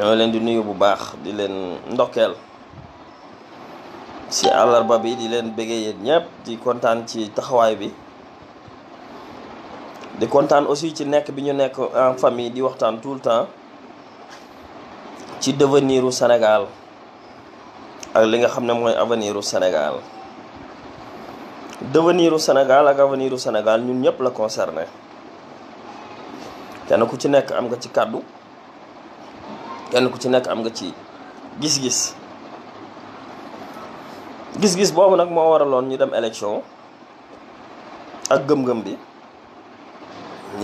ñoo leen di nuyu bu baax di leen ndokkeel ci àllarba bi di leen bëggee yéen ñëpp di kontaan ci taxawaay bi di kontaan aussi ci nekk bi ñu nekk en famille di waxtaan tout le temps ci devenir u ak li nga xam ne mooy aveniru u Sénégal devenir u ak avenir senegal ñun ñëpp la concerné kenn ku ci nekk am nga ci kàddu kenn ko ci nekk am nga ci gis-gis gis-gis boobu nag moo waraloon ñu dem élection ak gëm-gëm bi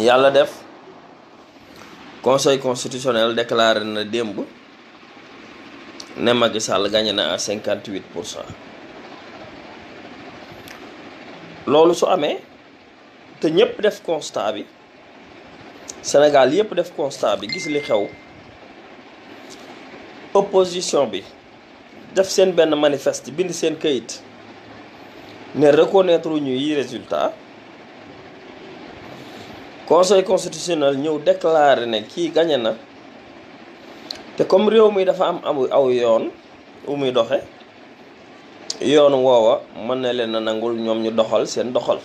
yàlla def conseil constitutionnel déclaré na démb ne Macky Sall gagné na à 58 pour cent loolu su amee te ñëpp def constat bi senegal yëpp def constat bi gis li xew. opposition bi def seen benn manifeste bind seen kayit ne reconnaître ñu yi résultat conseil constitutionnel ñëw déclaré ne kii gañe na te comme réew mi dafa am aw yoon wu muy doxe yoon woowa mën na leen a nangul ñoom ñu doxal seen doxal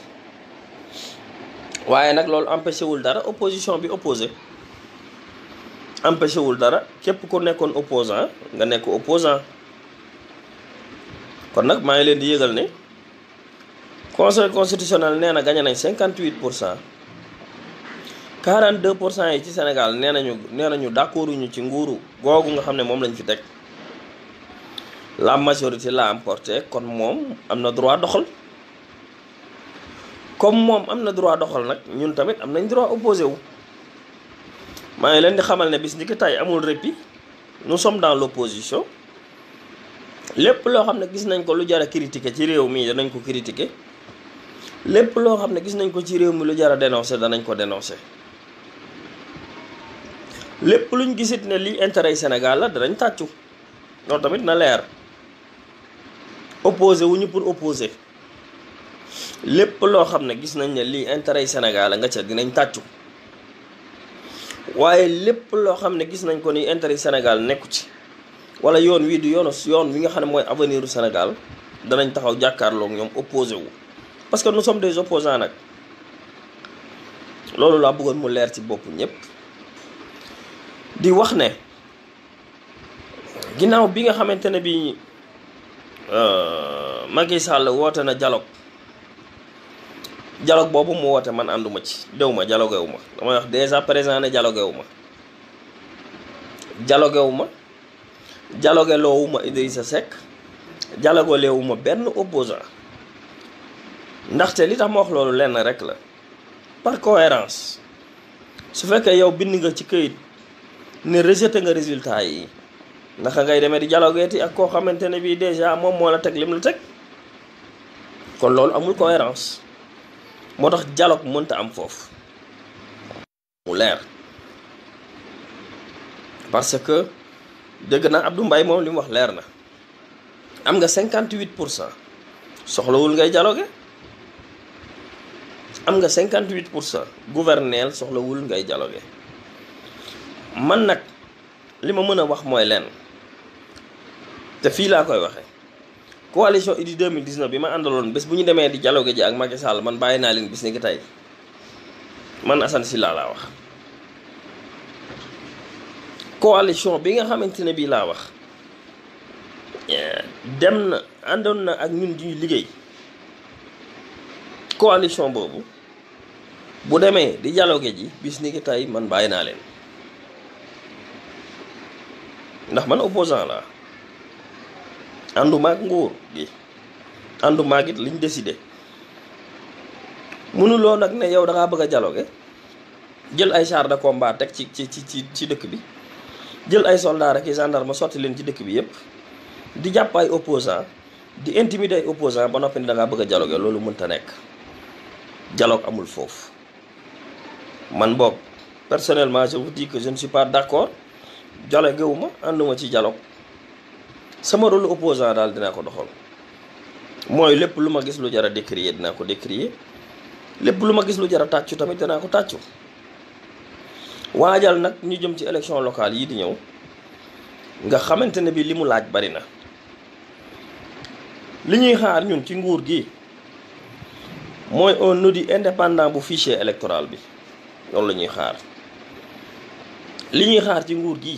waaye nag loolu empêché wul dara opposition bi opposé empêché wul dara képp ku nekkoon opposant nga nekk opposant kon nag maa ngi leen di yëgal ne conseil constitutionnel nee na gañe nañ 58 pour cent deux pour cent yi ci Sénégal nee nañu nee nañu d'accorduñu ci nguuru googu nga xam ne moom lañ fi teg la majorité l'a emporté kon moom am na droit doxal comme moom am na droit doxal nag ñun tamit am nañ droit opposé wu. maa ngi leen di xamal ne bis ni ki tey amul répit nous sommes dans l'opposition lépp loo xam ne gis nañ ko lu jar a critiquer ci réew mii danañ ko critiquer lépp loo xam ne gis nañ ko ci réew mi lu jara a danañ ko dénoncer lépp luñ gisit ne lii intérêt Sénégal la danañ tàccu loolu tamit na leer opposé wu ñu pour opposer lépp loo xam ne gis nañ ne lii intérêt Sénégal la nga ca dinañ tàccu waaye lépp loo xam ne gis nañ ko ni intérêt Sénégal nekku ci wala yoon wii di yoonu yoon wi nga xam ne mooy aveniru u Sénégal danañ taxaw jàkkaarloog ñoom opposé wu parce que nous sommes des opposants nag loolu laa bëggoon mu leer ci boppu ñëpp di wax ne ginnaaw bi nga xamante ne bi euh, Macky Sall woote na dialogue dialogue boobu mu woote man ànduma ci déw ma dialogué ma damay wax déjà présent ne dialogué wu ma dialogué wu ma dialogué ma Idrissa Seck dialogué loowu ma benn opposant ndaxte li tax ma wax loolu lenn rek la par cohérence su fekkee yow bind nga ci këyit ne rejeté nga résultat yi naka ngay deme di dialogueeti ak koo xamante ne bii déjà moom moo la teg lim la teg kon loolu amul cohérence moo tax dialogue mënta am foofu mu leer parce que dégg naa Abdou Mbaye moom li wax leer na am nga 58 pour cent soxlawul ngay jalooge am nga 58 pour cent gouverneel soxlawul ngay dialogué man nag li ma mën a wax mooy lenn te fii laa koy waxe coalition Idy 2019 bi ma àndaloon bés bu ñu demee di dialogue ji ak Macky Sall man bàyyi naa leen bis ni ki man Assane Sylla laa wax coalition bi nga xamante ne bii laa wax dem na àndoon na ak ñun di liggéey coalition boobu bu demee di dialogue ji bis man bàyyi naa leen ndax man opposant laa ànduma ak nguur gi ànduma ak it liñ décidé mënuloo nag ne yow da ngaa bëgg a dialogue jël ay char de combat teg ci ci ci ci dëkk bi jël ay soldats rek i gendarme sotti leen ci dëkk bi yépp di jàpp ay opposants di intimider ay opposants ba noppi ne da ngaa bëgg a dialogue loolu mënta nekk dialogue amul foofu man boog personnellement je vous dis que je ne suis pas d'accord dialogue ma ànduma ci dialogue sama rôle opposant daal dinaa ko doxal mooy lépp lu ma gis lu jar a décrier dinaa ko décrier lépp lu ma gis lu jar a tàccu tamit danaa ko tàccu waajal nag ñu jëm ci élection locale yi di ñëw nga xamante ne bi li mu laaj bari na li ñuy xaar ñun ci nguur gi mooy un audit indépendant bu fichier électoral bi loolu la ñuy xaar li ñuy xaar ci nguur gi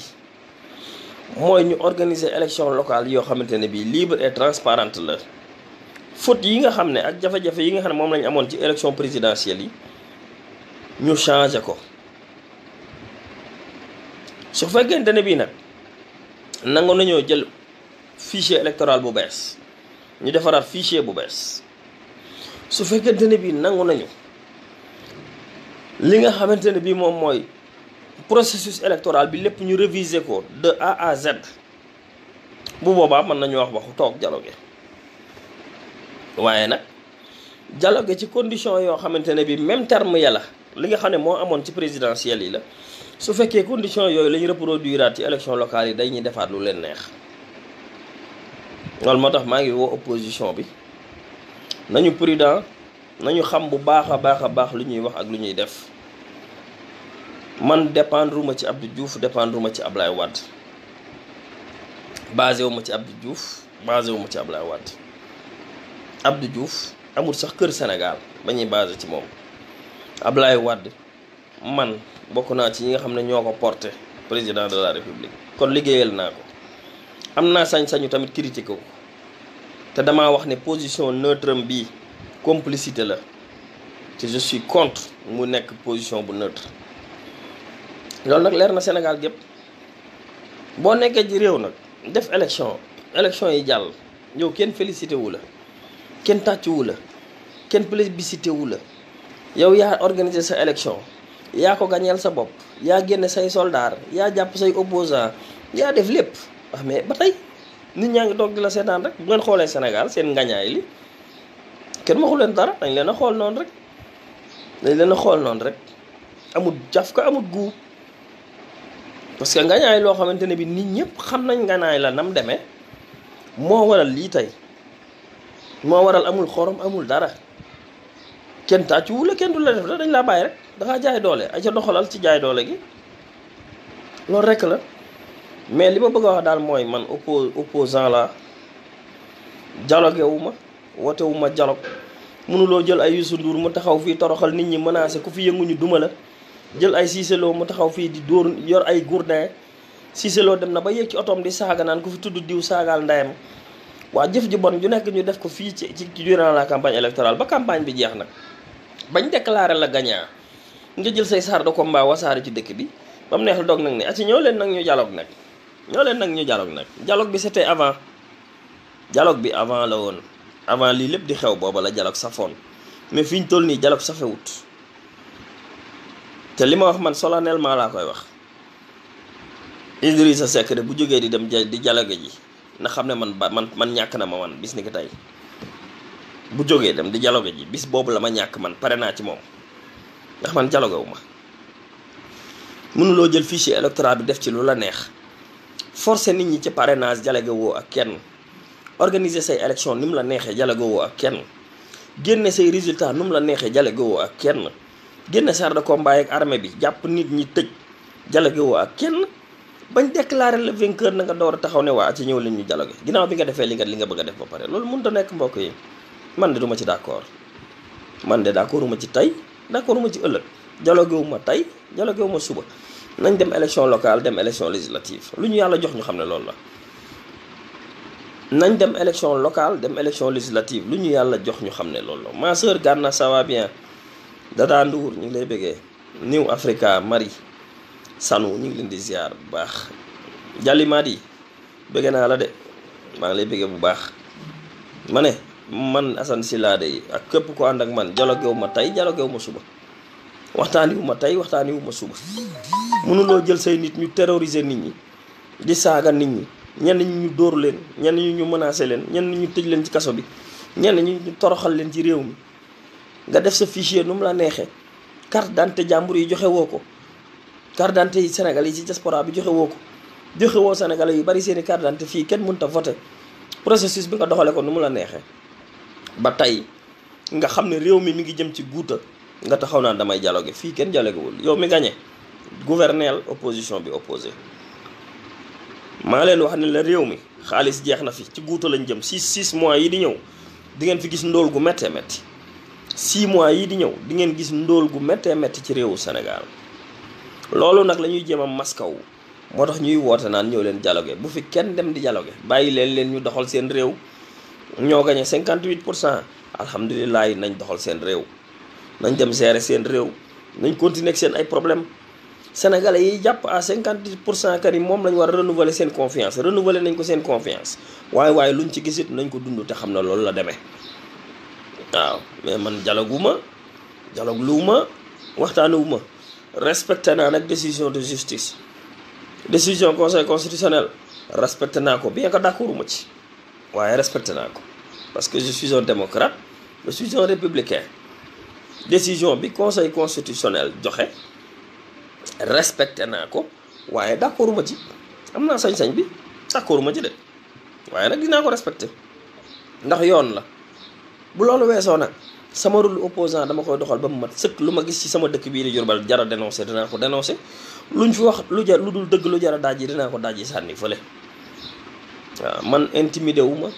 mooy ñu organiser élection locale yoo xamante ne bii libre et transparente la faute yi nga xam ne ak jafe-jafe yi nga xam ne moom lañu amoon ci élection présidentielle yi ñu changé ko su fekkente ne bii nag nangu nañoo jël fichier électoral bu bees ñu defaraat fichier bu bees su fekkente ne bi nangu nañu li nga xamante ne bii moom mooy processus électoral bi lépp ñu réviser ko de A à Z bu boobaa mën nañu wax waxu toog dialogue waaye nag dialogue ci condition yoo xamante ne bi même terme yàlla li nga xam ne moo amoon ci présidentielles yi la su fekkee condition yooyu la ñu reproduiraat ci élection locale yi day ñuy defaat lu leen neex loolu moo tax maa ngi woo opposition bi nañu prudent nañu xam bu baax a baax a baax lu ñuy wax ak lu ñuy def man dépendre ma ci Abdou Diouf dépendre ma ci Ablaye Wade basé wu ma ci Abdou Diouf basé wu ma ci Ablaye Wade Abdou Diouf amul sax kër Sénégal ba ñuy basé ci moom Ablaye Wade man bokk naa ci ñi nga xam ne ñoo ko porté président de la république kon liggéeyal naa ko am naa sañ-sañu tamit critiqué ko te dama wax ne position neutre bi complicité la ci je suis contre mu nekk position bu neutre loolu nag leer na Sénégal gépp boo nekkee ci réew nag def élection élection yi jàll yow kenn félicité wu la kenn tàcc la kenn plébiscité wu la yow yaa organisé sa élection yaa ko gañeel sa bopp yaa génne say soldaar yaa jàpp say opposant yaa def lépp wax ah, mais ba tey nit ñaa ngi toog la seetaan rek bu ngeen xoolee Sénégal seen ngañaay li kenn waxu leen dara dañ leen a xool noonu rek dañ leen a xool noonu rek amul jaf ka amul guu parce que loo xamante ne bi nit ñëpp xam nañ ngañaay la nam demee moo waral lii tey moo waral amul xorom amul dara kenn tàcc wu la kenn du la def dañ laa bàyyi rek dangaa jaay doole ay ca doxalal ci jaay doole gi loolu rekk la mais li ma bëgg a wax daal mooy man oppo opposant la dialogue wu ma woote wu ma dialogue mënuloo jël ay Youssou Ndour mu taxaw fii toroxal nit ñi menacé ku fi yënguñu duma la jël ay siiseloo mu taxaw fii di dóor yor ay gourdin siiseloo dem na ba yéeg ci otoom di saaga naan ku fi tudd diw saagaal ndayam waa jëf ji bon ju nekk ñu def ko fii ci ci durant la campagne électorale ba campagne bi jeex nag bañ déclaré la gañaa nga jël say saar de combat wasaare ci dëkk bi ba mu neex la doog nag ne aci ñoo leen nag ñu dialogue nag ñoo leen nag ñu dialogue nag dialogue bi c'était avant dialogue bi avant la woon avant lii lépp di xew booba la dialogue safoon mais fi toll nii dialogue safewut te li ma wax man solennellement laa koy wax Idrissa Seck de bu jógee di dem di dialogue ji na xam ne man ba man man ñàkk na ma man bis ni ki tey bu jógee dem di dialogue ji bis boobu la ma ñàkk man pare naa ci moom ndax man dialogue wu ma mënuloo jël fichier électoral bi def ci lu la neex forcer nit ñi ci parrainage dialogue woo ak kenn organiser say élection ni mu la neexee dialogue ak kenn génne say résultat nu mu la neexee dialogue ak kenn génn char de combat ak armée bi jàpp nit ñi tëj dialogue woo ak kenn bañ déclaré le vainqueur na nga door a taxaw ne waa ci ñëw leen ñu dialogue ginnaaw bi nga defee li nga li nga bëgg a def ba pare loolu mënut a nekk mbokk yi man de duma ci d'accord man de d'accorduma ci tey d'accorduma ci ëllëg dialogue wu ma tey dialogue wu ma suba nañ dem élection locale dem élection législative lu ñu yàlla jox ñu xam ne loolu la nañ dem élection locale dem élection législative lu ñu yàlla jox ñu xam ne loolu la ma sœur Gana ça Dada Ndour ñu ngi lay bëggee New Africa Marie Sanu ñu ngi leen di ziar bu baax yi bëgg naa la de maa ngi lay bëggee bu baax ma ne man Assane silaade de ak képp ko ànd ak man dialoguewu ma tey dialoguewu ma suba waxtaaniwu ma tey waxtaaniwu ma suba mënuloo jël say nit ñu terroriser nit ñi di saaga nit ñi ñenn ñi ñu dóor leen ñenn ñi ñu menacer leen ñenn ñu tëj leen ci kaso bi ñenn ñi ñu toroxal leen ci réew mi nga def sa fichier nu mu la neexee carte d'identité jàmbur yi joxe woo ko carte d'identité yi Sénégal yi ci diaspora bi joxewoo ko joxe senegal yi bari seen i carte fii kenn mënut a voter bi nga doxale ko nu mu la neexee ba tey nga xam ne réew mi mi ngi jëm ci guuta nga taxaw naan damay dialogue fii kenn wul yow mi gagné gouverneel opposition bi opposé maa leen wax ne la réew mi xaalis jeex na fi ci guuta lañ jëm 6 6 mois yi di ñëw di ngeen fi gis ndóol gu méttee métti six mois yi di ñëw di ngeen gis ndóol gu méttee métti ci réewu senegal loolu nag la ñuy jéem a maskaw moo tax ñuy woote naan ñëw leen dialogué bu fi kenn dem di jaloge bàyyi leen leen ñu doxal seen réew ñoo gagné 58 pour cent alhamdulilah yi nañ doxal seen réew nañ dem gérer seen réew nañ continuer seen ay problème sénégalais yiy jàpp à 58 pour cent kan yi moom lañ war a renouveler seen confiance renouveler nañ ko seen confiance waaye waaye luñ ci gisit nañ ko dund te xam na loolu la demee waaw mais man dialoguma dialogluwuma waxtaanewuma respecté naa nag décision de justice décision conseil constitutionnel respecté naa ko bien que d'accorduma ci waaye respecté naa ko parce que je suis un démocrate je suis républicain décision bi conseil constitutionnel joxe respecté naa ko waaye d'accorduma ci am naa sañ-sañ bi d'accorduma ci de waaye nag dinaa ko respecté ndax yoon la bu loolu weesoo nag sama rôle opposant dama koy doxal ba mu mat sëkk lu ma gis ci sama dëkk biir di Diourbel jara dénoncé dinaa ko lu ñu fi wax lu jar lu dul dëgg lu jara daaj yi dinaa ko daaj yi sànni fële waaw man intimidé wu ma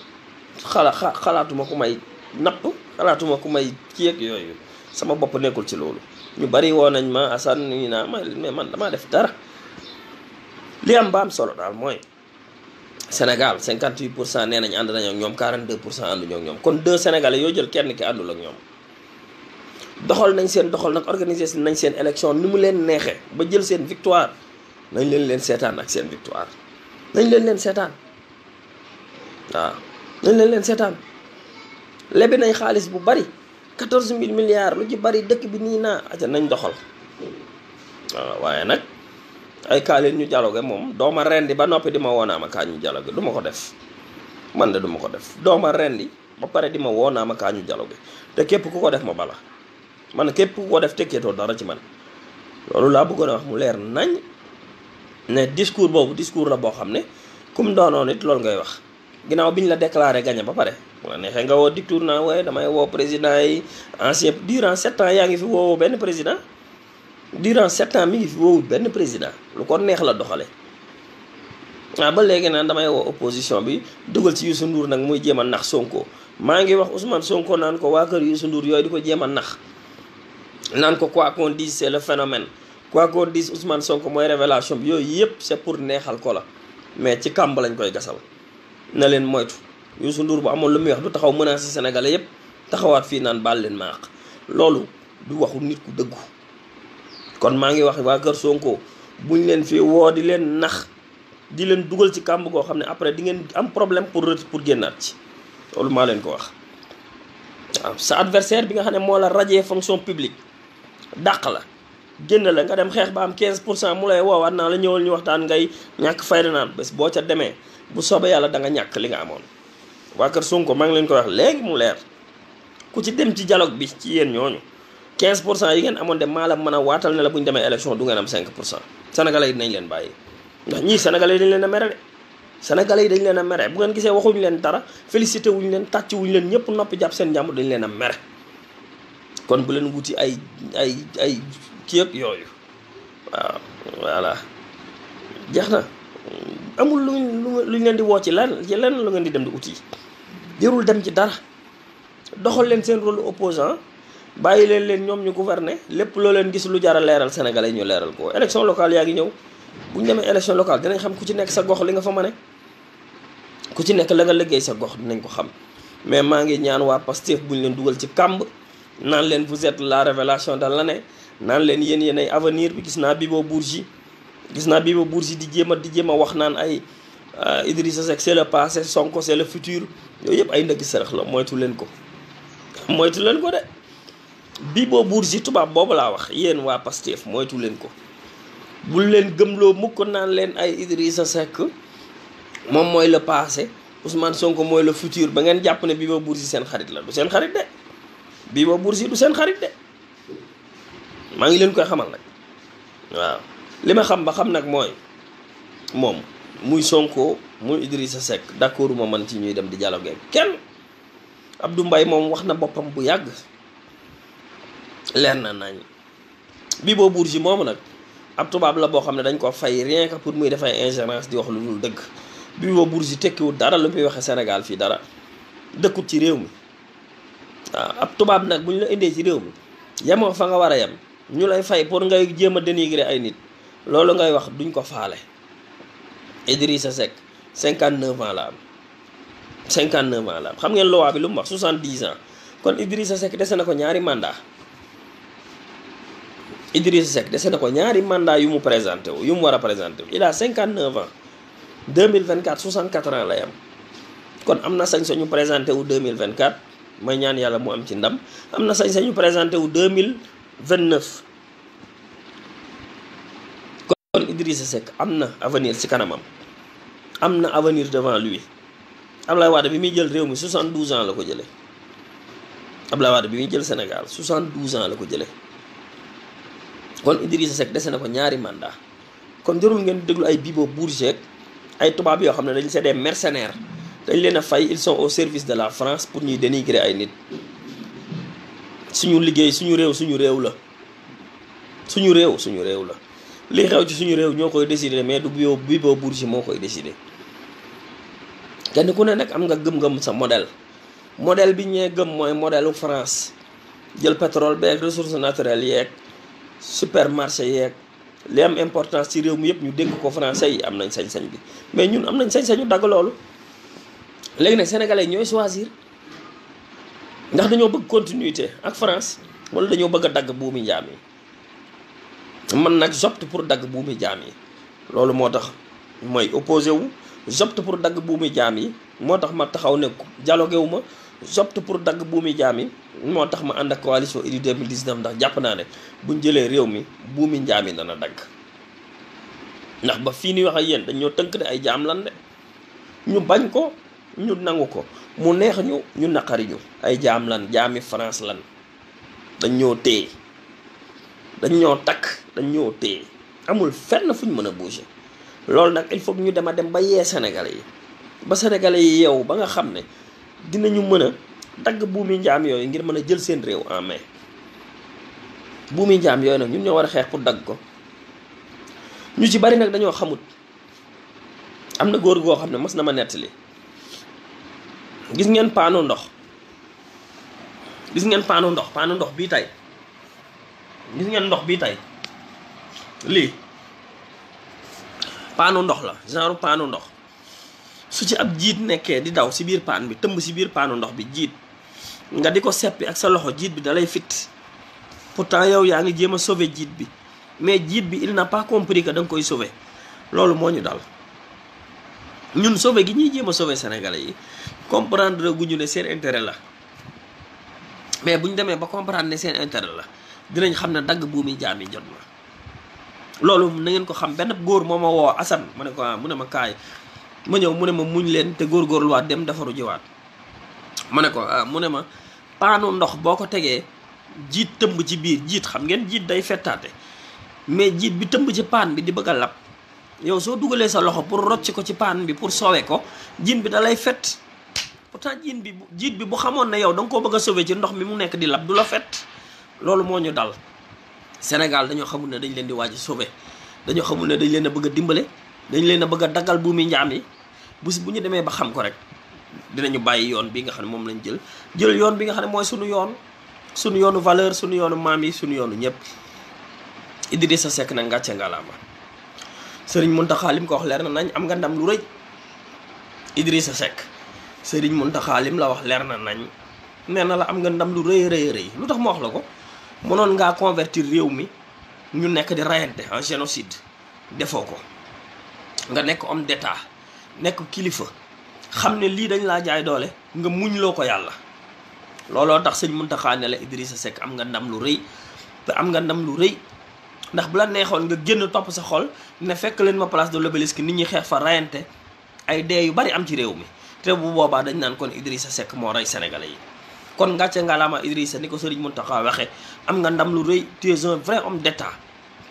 xala xalaatuma ku may napp xalaatuma ku may ci ak yooyu sama bopp nekkul ci loolu ñu bari woo nañ ma asan ñu naa ma man damaa def dara li am ba am solo daal mooy Sénégal 58 pour cent nee nañ ànd nañoo ñoom 42 pour cent ànduñoo ak ñoom kon deux Sénégalais yoo jël kenn ki àndul ak ñoom doxal nañ seen doxal nag organiser nañ seen élection ni mu leen neexee ba jël seen victoire nañ leen leen seetaan ak seen victoire nañ leen leen seetaan waaw nañ leen leen seetaan lebi nañ xaalis bu bari 14000 milliards lu ci bari dëkk bi nii naa aca nañ doxal waaw waaye nag. ay kaa leen ñu dialogue moom dooma rendi ba noppi di ma woonaama kaa ñu dialogue du ko def man de duma ko def dooma rendi ba pare di ma woonaama kaa ñu dialogue te képp ku ko def ma bala man képp ku ko def tekkeetoo dara ci man loolu laa bëggoon wax mu leer nañ ne discours boobu discours la boo xam ne kum doonoon it loolu ngay wax ginnaaw bi ñu la déclaré gagné ba pare mu la neexee nga woo dictour naa waaye damay woo président yi ancien durant sept ans yaa ngi fi benn président durant sept ans mi ngi fi woowut benn président lu ko neex la doxale waaw ba léegi naan damay woo opposition bi dugal ci Youssou Ndour nag muy jéem a nax Sonko maa ngi wax Ousmane Sonko naan ko waa kër Youssou Ndour yooyu di ko jéem a nax naan ko quoi qu'on dise la le phénomène quoi qu'on dise Sonko mooy révélation bi yooyu yëpp c'est pour neexal ko la mais ci kàmb lañ koy gasal na leen moytu Youssou Ndour bu amoon lu muy wax du taxaw menacer sénégalais yëpp taxawaat fii naan baal leen ma loolu du waxu nit ku dëggu kon maa ngi wax waa Kër Sonko ñu leen fi woo di leen nax di leen dugal ci kàmb goo xam ne après di ngeen am problème pour pour génnaat ci loolu maa leen ko wax. waaw sa adversaire bi nga xam ne moo la rajee fonction publique dàq la génn la nga dem xeex ba am pour cent mu lay woowaat naa la ñëwal ñu waxtaan ngay ñàkk fayda naan bés boo ca demee bu soobee yàlla da nga ñàkk li nga amoon. waa Kër Sonko maa ngi leen ko wax léegi mu leer ku ci dem ci dialogue bi ci yéen ñooñu. 15 pour cent yi ngeen amoon de maa la a waatal ne la bu ñu demee élection du ngeen am 5 pour cent sénégalais yi nañ leen bàyyi ndax ñii sénégalais yi dañ leen a mere de sénégalais yi dañ leen a mere bu ngeen gisee waxuñu leen dara félicité wuñu leen tàcc wuñu leen ñëpp noppi jàpp seen njàmbur dañ leen a mere kon bu leen wuti ay ay ay kii ak yooyu waaw voilà jeex na amul lu lu ñu leen di woo ci lenn ci lenn lu ngeen di dem di uti jërul dem ci dara doxal leen seen rôle opposant bàyyi leen leen ñoom ñu gouverner lépp loo leen gis lu jar leeral sénégalais ñu leeral ko élection locale yaa ngi ñëw bu ñu demee élection locale dinañ xam ku ci nekk sa gox li nga fa mane ku ci nekk la nga liggéey sa gox dinañ ko xam mais maa ngi ñaan waa Pastef bu ñu leen dugal ci kàmb naan leen vous êtes la révélation de l'année naan leen yéen yéen avenir gis naa Bibo Bourgi gis naa Bibo Bourgi di jéem a di jéem a wax naan ay euh, Idrissa Seck c'est le passé Sonko c'est le futur yooyu yëpp ay ndëgg sërëx la moytu leen ko moytu leen ko de Bibo Bourgi tubaab boobu laa wax yéen waa Pastef moytu leen ko bul leen gëmloo mukk naan leen ay sa Seck moom mooy le passé Ousmane Sonko mooy la futur ba ngeen jàpp ne Bibo Bourgi seen xarit la du seen xarit de Bibo Bourgi du seen xarit de maa ngi leen koy xamal nag waaw li ma xam ba xam nag mooy moom muy Sonko muy Idrissa Seck d'accord ma man ci ñuy dem di dialogue kenn Abdou Mbaye moom wax na boppam bu yàgg. leer na nañ Bibo Bourgi moomu nag ab tubaab la boo xam ne dañ ko fay rien que pour muy def ay ingérence di wax lu dul dëgg Bibo Bourgi tekkiwul dara lu muy waxee Sénégal fii dara dëkkut ci réew mi waaw ab tubaab nag bu ñu la indee ci réew mi yemoo fa nga war a yem ñu lay fay pour ngay jéem a dénigrer ay nit loolu ngay wax duñ ko faale sa Seck 59 ans la am 59 ans la am xam ngeen loi bi lu mu wax 70 an kon Idrissa Seck dese na ko ñaari mandat Idriss Seck de na ko ñaari mandat yu mu présenté wu yu mu war a présenté wu il a 59 ans 2024 64 ans lay am kon am na sañ-sañu présenté wu 2024 may ñaan yàlla mu am ci ndam am na sañ-sañu présenté wu 2029 kon Idriss Seck am na avenir ci kanamam am na avenir devant lui Ablaye Wade bi muy jël réew mi 72 ans la ko jëlee Ablaye Wade bi muy jël Sénégal 72 ans la ko jëlee. kon Idrissa Seck dese na ko ñaari mandat kon jarul ngeen déglu ay Bibo Bourgi ay tubaab yoo xam ne dañu c'est des mercenaires dañ leen a fay ils au service de la France pour ñuy dénigrer ay nit suñu liggéey suñu réew suñu réew la suñu réew suñu réew la li xew ci suñu réew ñoo koy décider mais du Bibo Bibo Bourgi moo koy décider kenn ku ne nag am nga gëm-gëm sa modèle modèle bi ñee gëm mooy modèlu France jël pétrole beeg ressources naturelles yeeg supermarché yeeg li am importance ci réew mi yëpp ñu dégg ko français yi am nañ sañ-sañ bi mais ñun am nañ sañ-sañu dagg loolu léegi nag sénégalais ñooy choisir ndax dañoo bëgg continuité ak France wala dañoo bëgg a dagg buumi njaam yi man nag j'opte pour dagg buumi jaam yi loolu moo tax mooy opposé wu j'opte pour dagg buumi jaam yi moo tax ma taxaw ne dialogué wu ma j'opte pour dagg buumi jaam yi moo tax ma ànd ak coalition Idy 2019 ndax jàpp naa ne buñ jëlee réew mi buumi njaam yi dana dagg ndax ba fii ni wax ak yéen dañoo tënk ne ay jaam lan ñu bañ ko ñu nangu ko mu neex ñu ñu naqari ay jaam lan jaami France lan dañ ñoo téye dañ ñoo takk dañ ñoo téye amul fenn fu ñu mën a bouger loolu nag il faut ñu dem a dem ba yee Sénégalais yi ba Sénégalais yi yeewu ba nga xam ne dinañu mën a dagg buumi njaam yooyu ngir mën a jël seen réew en main buumi njaam yooyu nag ñun ñoo war a xeex pour dagg ko ñu ci bari nag dañoo xamut am na góor goo xam ne mas na ma nettali gis ngeen paanu ndox gis ngeen paanu ndox paanu ndox bii tey gis ngeen ndox bii tey lii paanu ndox la genre paanu ndox su ci ab jiit nekkee di daw si biir paan bi tëmb si biir paanu ndox bi jiit nga di ko seppi ak sa loxo jiit bi dalay fit pourtant yow yaa ngi jéem a sauver jiit bi mais jiit bi il n'a pas compris que koy sauver loolu moo ñu dal ñun sauver gi ñuy jéem a sauver sénégalais yi comprendre gu ñu ne seen intérêt la mais bu ñu demee ba comprendre ne seen intérêt la dinañ xam ne dagg buumi jaam yi jot na loolu na ngeen ko xam benn góor moo ma woo Assane mu ne ko ah, mu ne ma kaay ma ñëw mu ne ma muñ leen te góor góorluwaat dem defaru jiwaat ma ne ko ah, mu ne ma paanu ndox boo ko tegee jiit tëmb ci biir jiit xam ngeen jiit day fettaate mais jiit bi tëmb ci paan bi di bëgg a lab yow soo dugalee sa loxo pour rocc ko ci paan bi pour sowe ko jiin bi dalay lay fett pourtant jiin bi jiit bi bu xamoon ne yow da koo bëgg a sowee ci ndox mi mu nekk di lab du la fett loolu moo ñu dal senegal dañoo xamul ne dañ leen di waaj a sauver dañoo xamul ne dañ leen a bëgg a dimbale dañ leen a bëgg a daggal buumi njaam yi bu bu ñu demee ba xam ko rek dinañu bàyyi yoon bi nga xam ne moom lañu jël jël yoon bi nga xam ne mooy sunu yoon sunu yoonu valeur suñu yoonu maam yi sunu yoonu ñëpp sa sekk nag ngàcce ngalaama sëriñ Mountakha lim ko wax leer na nañ am nga ndam lu rëy Idrissa Seck sëriñ Mountakha lim la wax leer na nañ nee na la am nga ndam lu rëy rëy rëy lu tax ma wax la ko mënoon ngaa convertir réew mi ñu nekk di rayante en génocide defoo ko nga nekk homme d'état nekk kilifa xam ne lii dañ laa jaay doole nga muñ loo ko yàlla looloo tax sëñ Muntaxa ne la sa Seck am nga ndam lu rëy te am nga ndam lu rëy ndax bu la neexoon nga génn topp sa xol ne fekk leen ma place de l'obélisque ni ñu xeex fa rayante ay dee yu bari am ci réew mi te bu boobaa dañ naan kon sa Seck moo rey senegal yi kon ngàcce ngalaama Idrissa ni ko sëriñ Muntaxa waxe am nga ndam lu rëy tu es un vrai homme d'état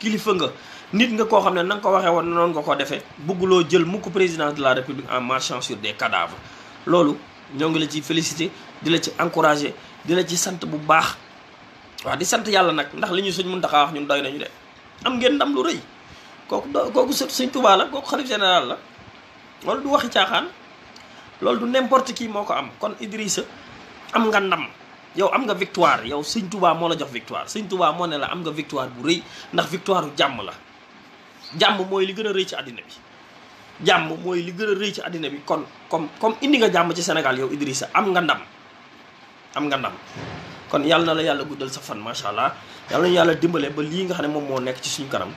kilifa nga nit nga koo xam ne nanga ko waxee woon noonu nga ko defee bugguloo jël mukk présidence de la république en marchant sur de cadavres loolu ñoo ngi la ci félicité di la ci encouragé di la ci sant bu baax waaw di sant yàlla nag ndax li ñu suñ mën taxaa wax ñun day nañu de am ngeen ndam lu rëy kooku do kooku suñ tubaa la kooku xalif général la loolu du waxi caaxaan loolu du n'importe kii moo ko am kon Idrissa am nga ndam yow am nga victoire yow sëñ tubaa moo la jox victoire sëñ tubaa moo ne la am nga victoire bu rëy ndax victoire jàmm la jàmm mooy li gën a rëy ci àddina bi jàmm mooy li gën a rëy ci àddina bi kon comme comme indi nga jàmm ci Sénégal yow Idrissa am nga ndam am nga ndam kon yàlla na la yàlla guddal sa fan macha allah yàlla nañu yàlla dimbalee ba lii nga xam ne moom moo nekk ci suñu kanam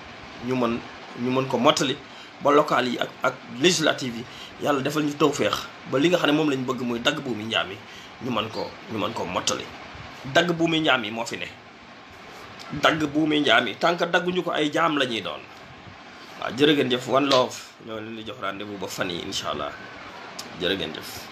ñu mën ñu mën ko mottali ba local yi ak ak législative yi yàlla defal ñu feex ba li nga xam ne moom lañ bëgg muy dagg buumi njaam yi ñu mën ko ñu mën ko mottali dagg buumi njaam yi moo fi ne dagg buumi njaam yi tant que dagguñu ko ay jaam la ñuy doon waaw jërë ngeen jëf one love ñoo leen di jox rendez-vous ba fan yi incha allah jërë ngeen jëf